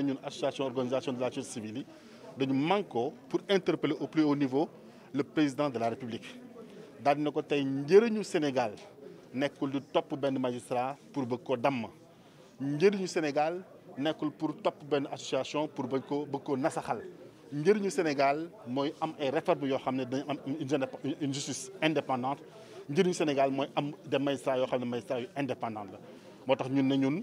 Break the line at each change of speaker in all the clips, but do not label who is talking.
une association organisation de la justice civile nous nous manko pour interpeller au plus haut niveau le président de la république D'un côté, nous sommes au Sénégal sommes di top top magistrat pour bëgg ko sommes au Sénégal sommes pour top top association pour beaucoup ko bëgg Nous, nasaxal au Sénégal nous am ay réformes yo xam am une justice indépendante au Sénégal nous am des magistrats yo magistrats indépendants la nous,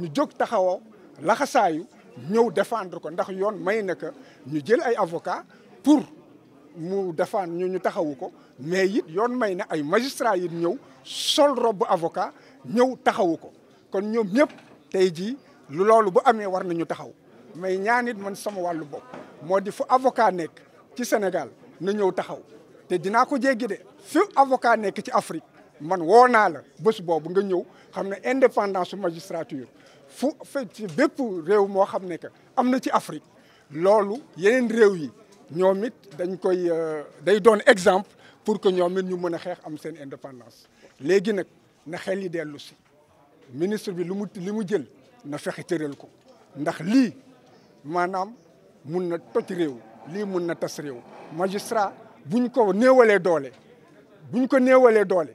ñu jóg taxawoo laxasaayu ñëw défendre ko ndax yoon may na ka ñu jël ay avocat pour mu défendre ñu ñu taxawu ko mais it yoon may na ay magistrat yi ñëw sol robe avocat ñëw taxawu ko kon ñoom ñëpp tey jii lu loolu bu amee war nañu taxaw mais ñaanit man sama wàllu bopp moo di fu avocat nekk ci Sénégal na ñëw taxaw te dinaa ko jéggi de fi avocat nekk ci Afrique man woo naa la bëss bobu nga ñëw xam indépendance magistrature fu ci bépp réew mo xamné que ci Afrique lolu yeneen réew yi ñoom dañ koy euh, day doon exemple pour que ñoom ñu mëna xex am sen indépendance légui nak na xel yi dellu si ministre bi lu mu li jël na fexe tëral ko ndax li manam mun na toj réew li mun na tas réew magistrat buñ ko néwalé doolé buñ ko néwalé doolé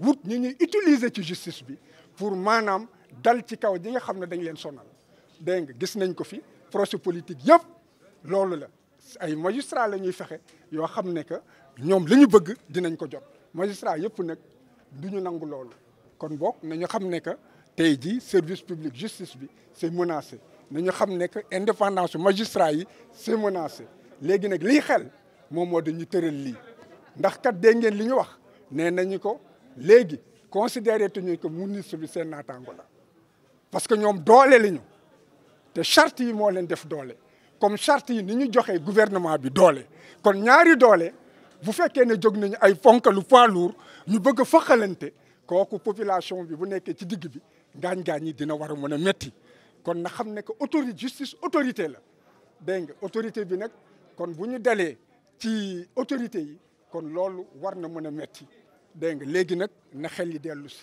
wut ñu ñuy utiliser ci justice bi pour manam dal ci kaw di nga xamne dañ leen sonal dégg nga gis nañ ko fi procès politique yëpp loolu la ay magistrat lañuy fexé yo xamne xam ne que ñoom li bëgg dinañ ko jot magistrat yëpp nak duñu nangul nangu kon bok nañu xamne ne que tey jii service public justice bi c'est menacé nañu xamne ne que indépendance su magistrat yi c'est menacé légui nak li xel mom moo dañu teurel li ndax kat dégg ngeen li wax né nañu ko légui considéré tuñu que ministre bi seen naataango parce que ñom doolé liñu té charte yi mo leen def doolé comme charte yi ni ñu joxee gouvernement bi doolé kon ñaari doolé bu féké ne jóg nañu ay ponkalu poids lourd ñu bëgg a koku population bi bu nekkee ci digg bi gañ gañ yi dina war mëna metti kon na xamné que autorité justice autorité la dégg autorité bi nak kon buñu ñu ci autorité yi kon loolu war na mëna metti dégg nga léegi nag na xel yi dellu si.